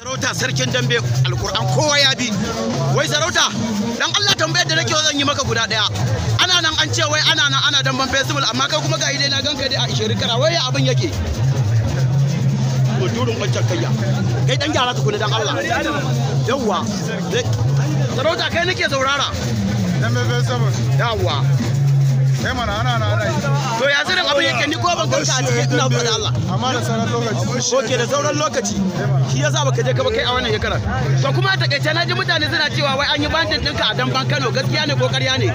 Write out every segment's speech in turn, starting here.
Sarauta sarkin dambe alkur'an kowa ya bi. Wai sarauta dan Allah tambayar da nake zan yi maka guda daya. Ana nan an ce wai ana nan ana damban festival amma kai kuma ga idai na ganka dai a ishirin kara wai ya abin yake. Ko durin wancan kayya. Kai dan gyara ka kula dan Allah. Yawwa. Sarauta kai nake saurara. Dambe festival. Yawwa. Eh, ana ana ana to ya zirin abin yake ni ko ban a cikin ina ba da Allah amma da sauran lokaci oke da sauran lokaci eh, shi yasa baka je ka kai a wannan shekarar to kuma a takaice na ji mutane suna cewa wai an yi bandin ɗinka a damban Kano gaskiya ne ko ƙarya ne eh,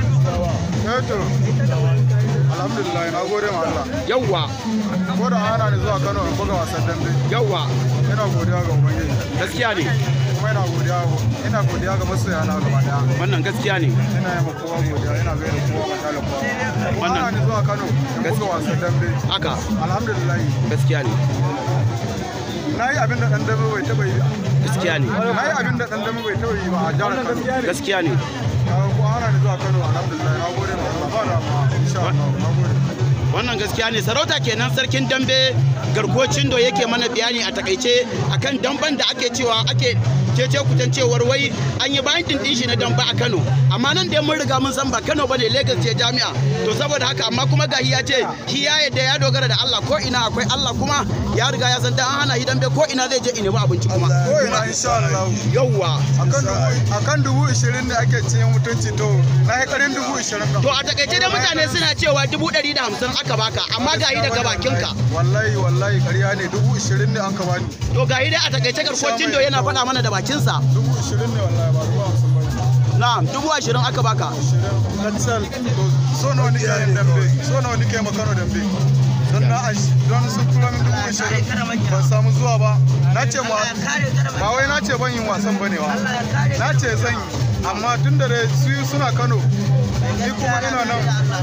alhamdulillah na gode ma Allah yawa ko da ana ne zuwa Kano in buga wasan dambe yawa ina godiya ga ubangiji gaskiya ne kuma ina godiya ina godiya ga masoya na gaba daya wannan gaskiya ne ina yi kowa godiya ina ga da kowa mata da wannan zuwa Kano da buga wasan dambe haka alhamdulillah gaskiya ne na yi abin da dan dambe bai taba yi gaskiya ne na yi abin da dan dambe bai taba yi ba a Kano gaskiya ne alhamdulillah na ma insha Allah na wannan gaskiya ne sarauta kenan sarkin dambe garkocin do yake mana bayani a takaice akan damban da ake cewa ake cece kutan cewar wai an yi bayan din shi na damba a Kano amma nan da mun riga mun san ba Kano bane Lagos ce jami'a to saboda haka amma kuma ga ya ce shi ya yadda ya dogara da Allah ko ina akwai Allah kuma ya riga ya san da an hana shi dambe ko ina zai je ina ba abinci kuma ko ina insha Allah yawa akan dubu 20 da ake cin mutunci to na hekarin dubu 20 to a takaice da mutane suna cewa dubu 150 aka baka amma ga yi daga bakinka wallahi wallahi kariya ne dubu ne an ka bani to ga dai a takaice garkuwar jindo yana faɗa mana da bakinsa dubu ishirin ne wallahi ba dubu na'am ashirin aka baka na dambe so na don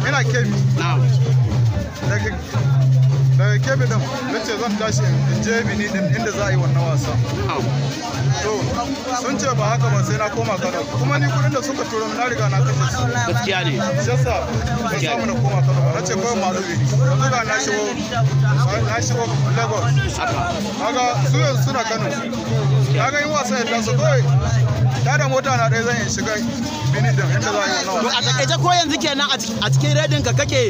min dubu daga kebe din na zan tashi in je bini din inda za a yi wannan wasa to sun ce ba haka ba sai na koma kano kuma ni kudin da suka turo na riga na kashe su gaskiya ne shasa ba samu na koma kano ba na ce kawai malu bini yanzu ga na shigo na shigo lagos haka su yanzu suna kano kaga yin wasa ya taso kawai tada mota na ɗaya zan yi shiga minit da inda za yi nawa. a takaice ko yanzu kenan a cikin redin ka kake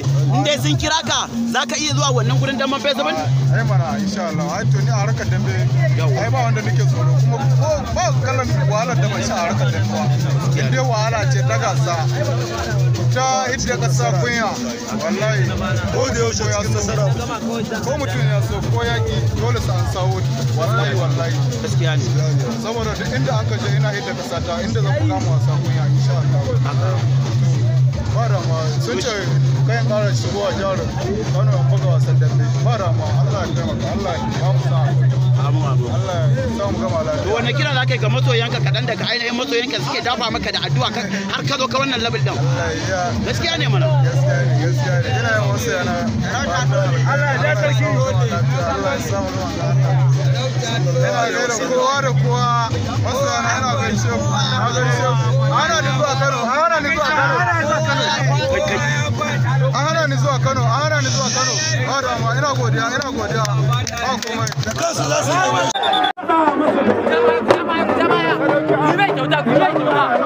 in sun kira ka za ka iya zuwa wannan gurin damban festival? ai eh, eh, mana insha Allah ai to ni a harkar dambe ai ba wanda nake tsoro kuma ko ba kallon wahalar da ban sha a harkar dambe ba in dai wahala ce ta gasa ta hit da kasa kunya wallahi ko da yaushe cikin nasara ko mutum ya so ko yaki dole sa an sawo wallahi wallahi gaskiya ne saboda duk inda aka je ina ita da ƙasa ta inda za ku kama wasa kun insha Allah ba da ma sun ce kayan ƙara shigowa jihar Kano ya buga wasan dambe ba da Allah ya taimaka Allah ya ba mu Allah ya sa mu gama lafiya wani kira za ka yi ga masoyanka kaɗan daga ainihin masoyanka suke dafa maka da addu'a har ka zo ka wannan level din gaskiya ne mana gaskiya ne gaskiya ne yana yin wasu yana Allah ya sarki Allah ya sa mu gama lafiya yana da kowa da kowa masoyana yana hana ni zuwa Kano hana ni zuwa Kano hana ni zuwa Kano hana ni zuwa Kano ba da ma yi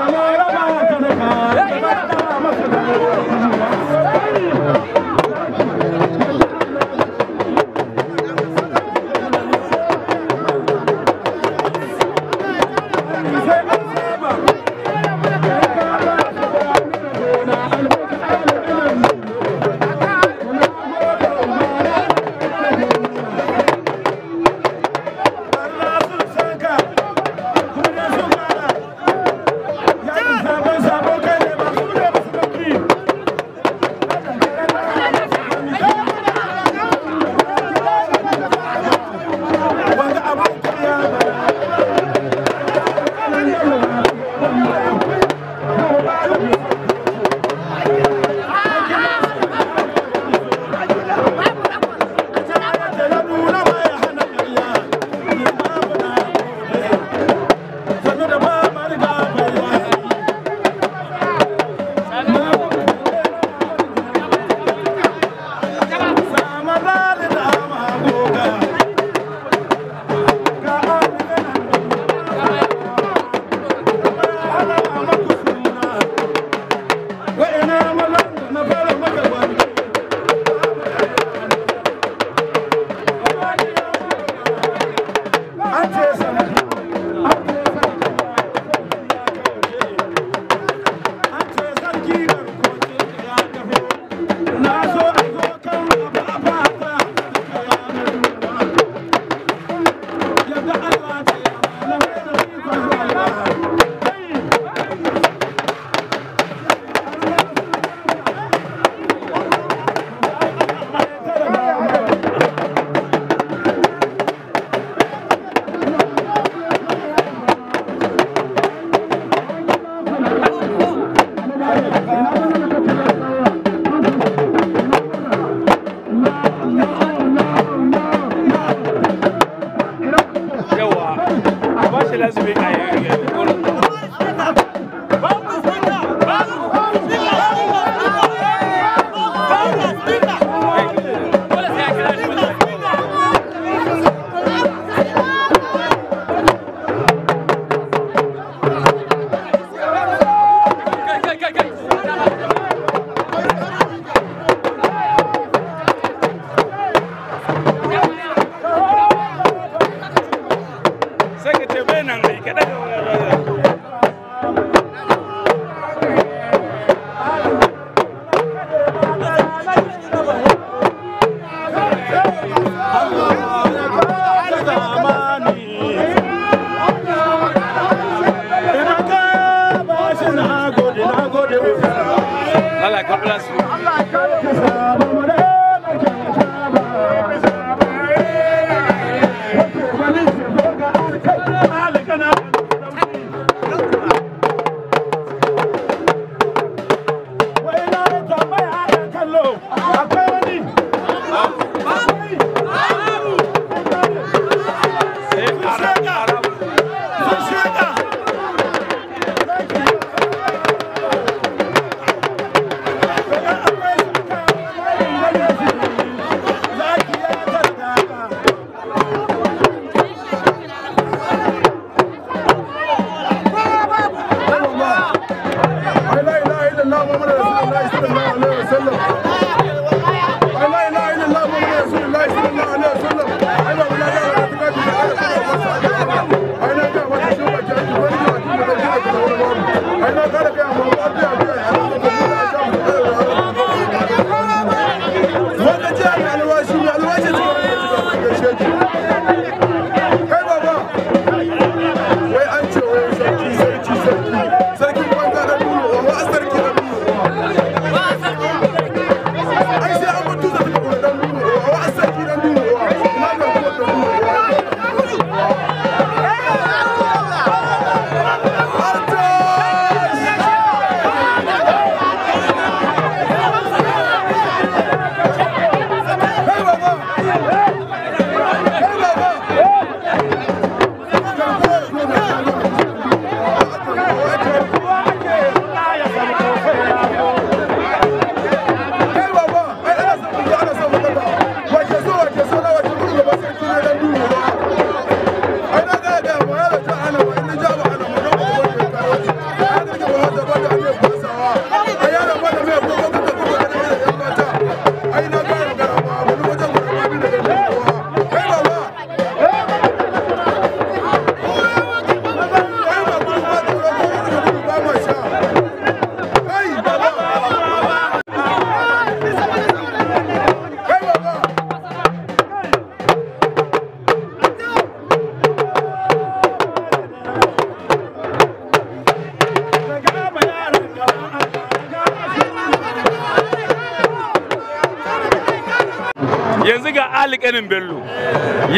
alikanin bello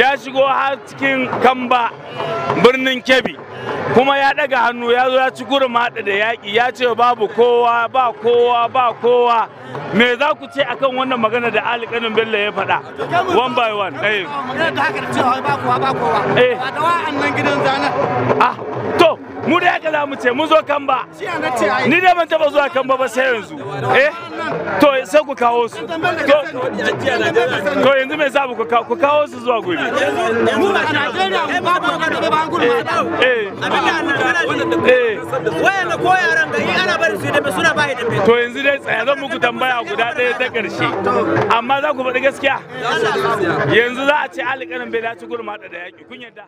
ya shigo har cikin kamba birnin kebbi kuma ya daga hannu ya zo ya ci gurin haɗa da yaƙi ya ce babu kowa ba kowa ba kowa me za ku ce akan wannan magana da alikanin bello ya faɗa one by one eh to mu da aka za mu ce mun zo kan ba ni da ban taba zuwa kan ba ba sai yanzu eh to sai ku kawo su to yanzu mai zabu ku kawo su zuwa gobe mu ba Najeriya ba ba ga da ban gurma eh abin da Allah nan eh wayanda ko yaran ga ana bari su da suna ba da to yanzu dai tsaya zan muku tambaya guda ɗaya ta karshe amma za ku faɗi gaskiya yanzu za a ce alƙalin bai dace gurma da yaƙi kun yarda